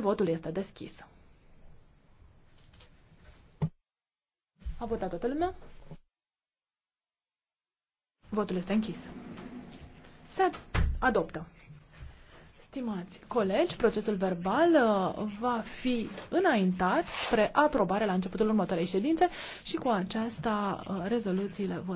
Votul este deschis. A votat toată lumea? Votul este închis. Se adoptă. Stimați colegi, procesul verbal uh, va fi înaintat spre aprobare la începutul următoarei ședințe și cu aceasta uh, rezoluțiile vor